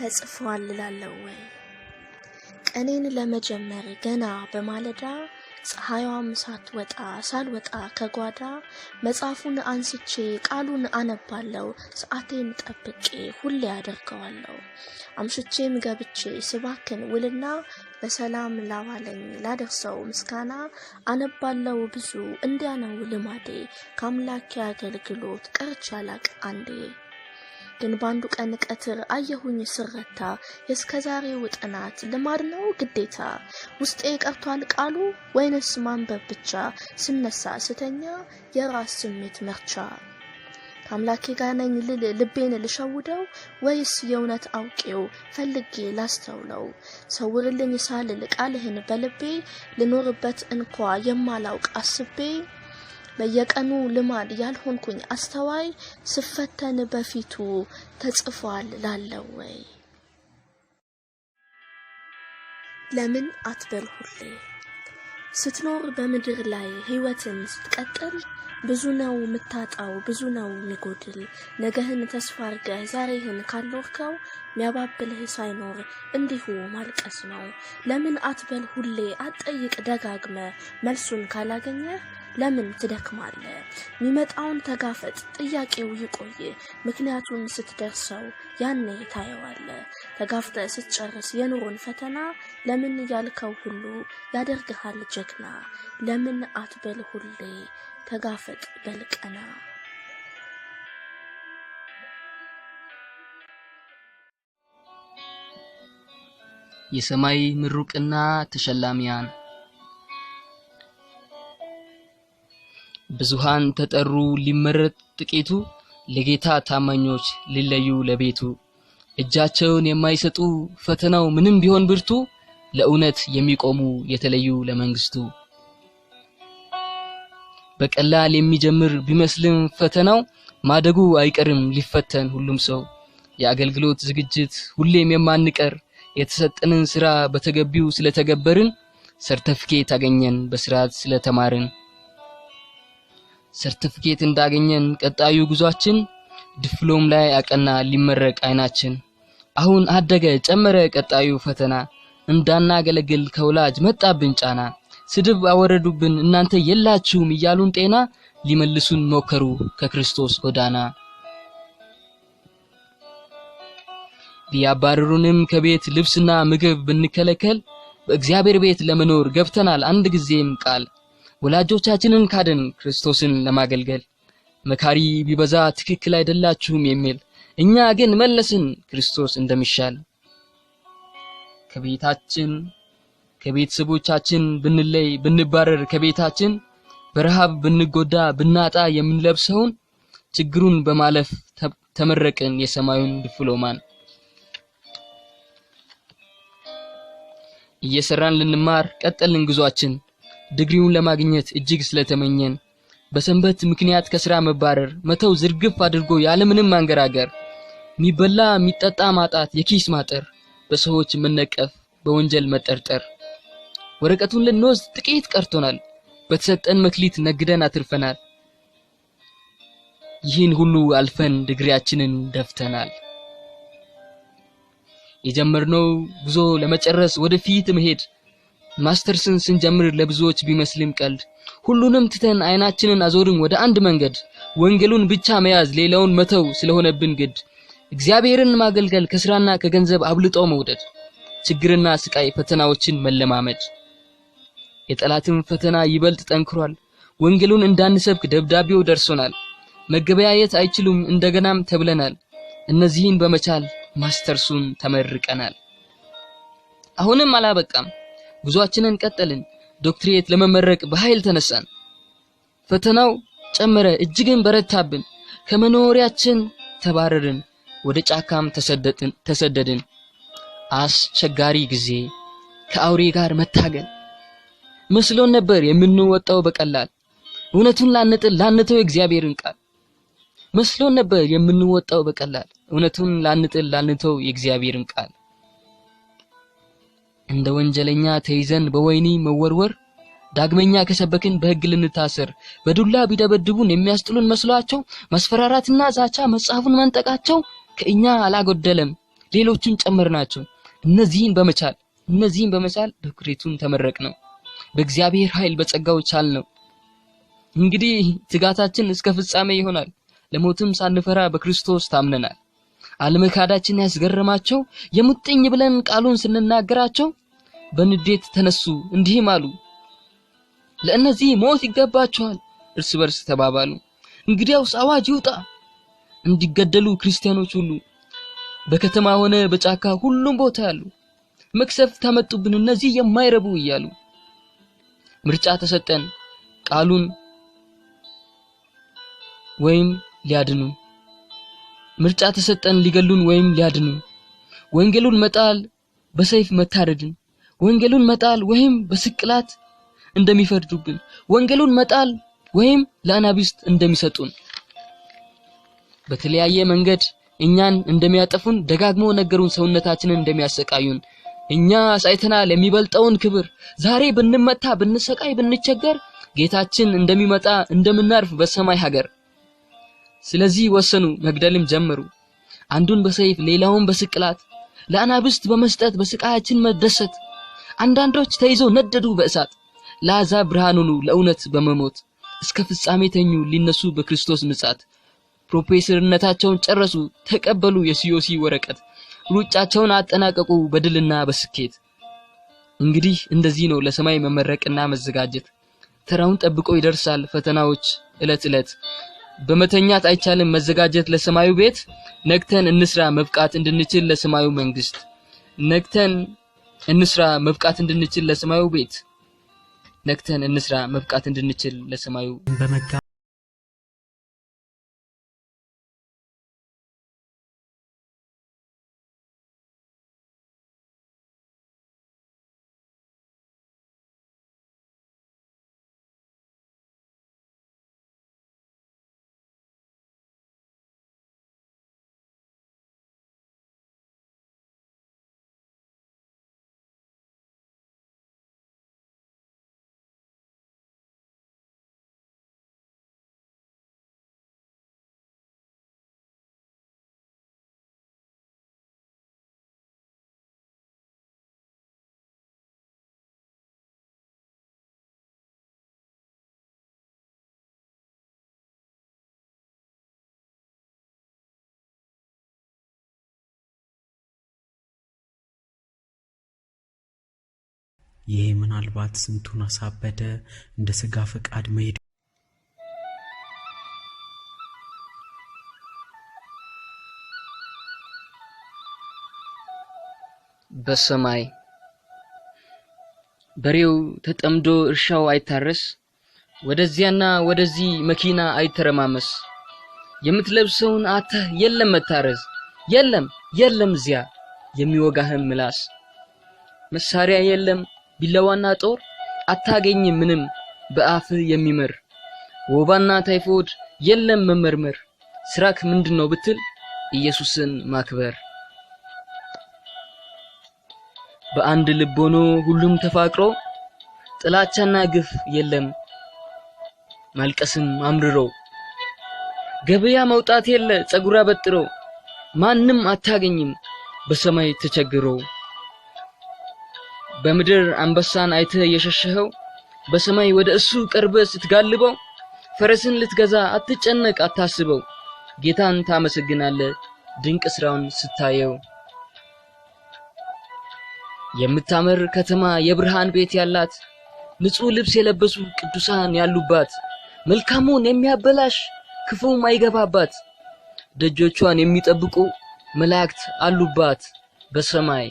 ተጽፏል እላለሁ ወይ ቀኔን ለመጀመር ገና በማለዳ ፀሐይዋም ሳትወጣ ሳልወጣ ከጓዳ መጽሐፉን አንስቼ ቃሉን አነባለሁ። ሰዓቴን ጠብቄ ሁሌ አደርገዋለሁ። አምሽቼም ገብቼ ስባክን ውልና በሰላም ላዋለኝ ላደርሰው ምስጋና አነባለው ብዙ እንዲያ ነው ልማዴ ከአምላኬ አገልግሎት ቀርቼ አላቅ አንዴ ግን በአንዱ ቀን ቀትር አየሁኝ ስረታ የእስከዛሬው ጥናት ልማድ ነው ግዴታ። ውስጤ ቀርቷል ቃሉ ወይንስ ማንበብ ብቻ? ስነሳ ስተኛ የራስ ስሜት መርቻ ከአምላኬ ጋር ነኝ ልል ልቤን ልሸውደው ወይስ የእውነት አውቄው ፈልጌ ላስተውለው? ሰውርልኝ ሳልል ቃልህን በልቤ ልኖርበት እንኳ የማላውቅ አስቤ በየቀኑ ልማድ ያልሆንኩኝ አስተዋይ ስፈተን በፊቱ ተጽፏል ላለው ወይ ለምን አትበል ሁሌ ስትኖር በምድር ላይ ህይወትን ስትቀጥል ብዙ ነው የምታጣው፣ ብዙ ነው የሚጎድል። ነገህን ተስፋ አርገህ ዛሬህን ካልኖርከው ሚያባብልህ ሳይኖር እንዲሁ ማልቀስ ነው። ለምን አትበል ሁሌ አጠይቅ ደጋግመ መልሱን ካላገኘህ ለምን ትደክማለ የሚመጣውን ተጋፈጥ። ጥያቄው ይቆይ፣ ምክንያቱን ስትደርሰው ያኔ ታየዋለ ተጋፍጠ ስትጨርስ የኑሮን ፈተና ለምን ያልከው ሁሉ ያደርግሃል ጀግና። ለምን አትበል ሁሌ ተጋፈጥ በልቀና የሰማይ ምሩቅና ተሸላሚያን ብዙሃን ተጠሩ ሊመረጥ ጥቂቱ ለጌታ ታማኞች ሊለዩ ለቤቱ እጃቸውን የማይሰጡ ፈተናው ምንም ቢሆን ብርቱ ለእውነት የሚቆሙ የተለዩ ለመንግስቱ በቀላል የሚጀምር ቢመስልም ፈተናው ማደጉ አይቀርም ሊፈተን ሁሉም ሰው የአገልግሎት ዝግጅት ሁሌም የማንቀር የተሰጠንን ስራ በተገቢው ስለተገበርን ሰርተፍኬት አገኘን በስርዓት ስለተማርን ሰርቲፊኬት እንዳገኘን ቀጣዩ ጉዟችን ዲፕሎም ላይ አቀና። ሊመረቅ አይናችን አሁን አደገ ጨመረ ቀጣዩ ፈተና። እንዳናገለግል ከወላጅ መጣብን ጫና። ስድብ አወረዱብን እናንተ የላችሁም እያሉን ጤና ሊመልሱን ሞከሩ ከክርስቶስ ጎዳና። ቢያባረሩንም ከቤት ልብስና ምግብ ብንከለከል በእግዚአብሔር ቤት ለመኖር ገብተናል አንድ ጊዜም ቃል ወላጆቻችንን ካደን ክርስቶስን ለማገልገል መካሪ ቢበዛ ትክክል አይደላችሁም የሚል እኛ ግን መለስን ክርስቶስ እንደሚሻል ከቤታችን ከቤተሰቦቻችን ብንለይ ብንባረር ከቤታችን በረሃብ ብንጎዳ ብናጣ የምንለብሰውን ችግሩን በማለፍ ተመረቅን የሰማዩን ዲፕሎማን እየሰራን ልንማር ቀጠልን ጉዟችን ድግሪውን ለማግኘት እጅግ ስለተመኘን በሰንበት ምክንያት ከስራ መባረር መተው ዝርግፍ አድርጎ ያለምንም አንገራገር የሚበላ የሚጠጣ ማጣት የኪስ ማጠር በሰዎች መነቀፍ በወንጀል መጠርጠር ወረቀቱን ልንወስድ ጥቂት ቀርቶናል በተሰጠን መክሊት ነግደን አትርፈናል ይህን ሁሉ አልፈን ድግሪያችንን ደፍተናል የጀመርነው ጉዞ ለመጨረስ ወደፊት መሄድ ማስተርስን ስንጀምር ለብዙዎች ቢመስልም ቀልድ ሁሉንም ትተን አይናችንን አዞርን ወደ አንድ መንገድ። ወንጌሉን ብቻ መያዝ ሌላውን መተው ስለሆነብን ግድ እግዚአብሔርን ማገልገል ከስራና ከገንዘብ አብልጦ መውደድ ችግርና ስቃይ ፈተናዎችን መለማመድ የጠላትም ፈተና ይበልጥ ጠንክሯል። ወንጌሉን እንዳንሰብክ ደብዳቤው ደርሶናል። መገበያየት አይችሉም እንደገናም ተብለናል። እነዚህን በመቻል ማስተርሱን ተመርቀናል። አሁንም አላበቃም። ጉዟችንን ቀጠልን። ዶክትሬት ለመመረቅ በኃይል ተነሳን። ፈተናው ጨመረ፣ እጅግን በረታብን። ከመኖሪያችን ተባረርን፣ ወደ ጫካም ተሰደድን። አስቸጋሪ ጊዜ፣ ከአውሬ ጋር መታገል መስሎን ነበር የምንወጣው በቀላል እውነቱን ላንጥል ላንተው የእግዚአብሔርን ቃል መስሎን ነበር የምንወጣው በቀላል እውነቱን ላንጥል ላንተው የእግዚአብሔርን ቃል እንደ ወንጀለኛ ተይዘን በወይኒ መወርወር፣ ዳግመኛ ከሰበክን በሕግ ልንታሰር፣ በዱላ ቢደበድቡን የሚያስጥሉን መስሏቸው ማስፈራራትና ዛቻ መጽሐፉን መንጠቃቸው ከእኛ አላጎደለም፣ ሌሎቹን ጨመርናቸው። እነዚህን በመቻል እነዚህን በመቻል ዶክትሬቱን ተመረቅ ነው። በእግዚአብሔር ኃይል በጸጋው ቻል ነው። እንግዲህ ትጋታችን እስከ ፍጻሜ ይሆናል። ለሞትም ሳንፈራ በክርስቶስ ታምነናል። አለመካዳችን ያስገረማቸው የሙጥኝ ብለን ቃሉን ስንናገራቸው በንዴት ተነሱ፣ እንዲህም አሉ፣ ለእነዚህ ሞት ይገባቸዋል። እርስ በርስ ተባባሉ፣ እንግዲያውስ አዋጅ ይውጣ፣ እንዲገደሉ ክርስቲያኖች ሁሉ በከተማ ሆነ በጫካ ሁሉም ቦታ ያሉ መቅሰፍት ተመጡብን እነዚህ የማይረቡ እያሉ ምርጫ ተሰጠን ቃሉን ወይም ሊያድኑ ምርጫ ተሰጠን ሊገሉን ወይም ሊያድኑን። ወንጌሉን መጣል በሰይፍ መታረድን፣ ወንጌሉን መጣል ወይም በስቅላት እንደሚፈርዱብን፣ ወንጌሉን መጣል ወይም ለአናቢስት እንደሚሰጡን፣ በተለያየ መንገድ እኛን እንደሚያጠፉን ደጋግሞ ነገሩን፣ ሰውነታችንን እንደሚያሰቃዩን እኛ ሳይተናል የሚበልጠውን ክብር ዛሬ ብንመታ ብንሰቃይ ብንቸገር ጌታችን እንደሚመጣ እንደምናርፍ በሰማይ ሀገር ስለዚህ ወሰኑ፣ መግደልም ጀመሩ። አንዱን በሰይፍ ሌላውን በስቅላት ለአናብስት በመስጠት በስቃያችን መደሰት። አንዳንዶች ተይዘው ነደዱ በእሳት ላዛ ብርሃን ለእውነት በመሞት እስከ ፍጻሜ ተኙ ሊነሱ በክርስቶስ ምጻት። ፕሮፌሰርነታቸውን ጨረሱ ተቀበሉ የሲዮሲ ወረቀት። ሩጫቸውን አጠናቀቁ በድልና በስኬት። እንግዲህ እንደዚህ ነው ለሰማይ መመረቅና መዘጋጀት። ተራውን ጠብቆ ይደርሳል ፈተናዎች እለት እለት በመተኛት አይቻልም መዘጋጀት ለሰማዩ ቤት ነግተን እንስራ መብቃት እንድንችል ለሰማዩ መንግስት ነግተን እንስራ መብቃት እንድንችል ለሰማዩ ቤት ነግተን እንስራ መብቃት እንድንችል ለሰማዩ ይሄ ምናልባት ስንቱን አሳበደ። እንደ ሥጋ ፈቃድ መሄድ በሰማይ በሬው ተጠምዶ እርሻው አይታረስ፣ ወደዚያና ወደዚህ መኪና አይተረማመስ። የምትለብሰውን አተህ የለም መታረዝ፣ የለም የለም እዚያ የሚወጋህም ምላስ መሳሪያ የለም ቢላዋና ጦር አታገኝ ምንም በአፍ የሚመር? ወባና ታይፎድ የለም መመርመር ስራክ ምንድነው ብትል ኢየሱስን ማክበር በአንድ ልብ ሆኖ ሁሉም ተፋቅሮ ጥላቻና ግፍ የለም ማልቀስም አምርሮ ገበያ መውጣት የለ ጸጉራ በጥሮ ማንም አታገኝም በሰማይ ተቸግሮ በምድር አንበሳን አይተህ የሸሸኸው በሰማይ ወደ እሱ ቀርበህ ስትጋልበው ፈረስን ልትገዛ አትጨነቅ አታስበው ጌታን ታመሰግናለህ ድንቅ ስራውን ስታየው የምታምር ከተማ የብርሃን ቤት ያላት ንጹህ ልብስ የለበሱ ቅዱሳን ያሉባት መልካሙን የሚያበላሽ ክፉም አይገባባት ደጆቿን የሚጠብቁ መላእክት አሉባት በሰማይ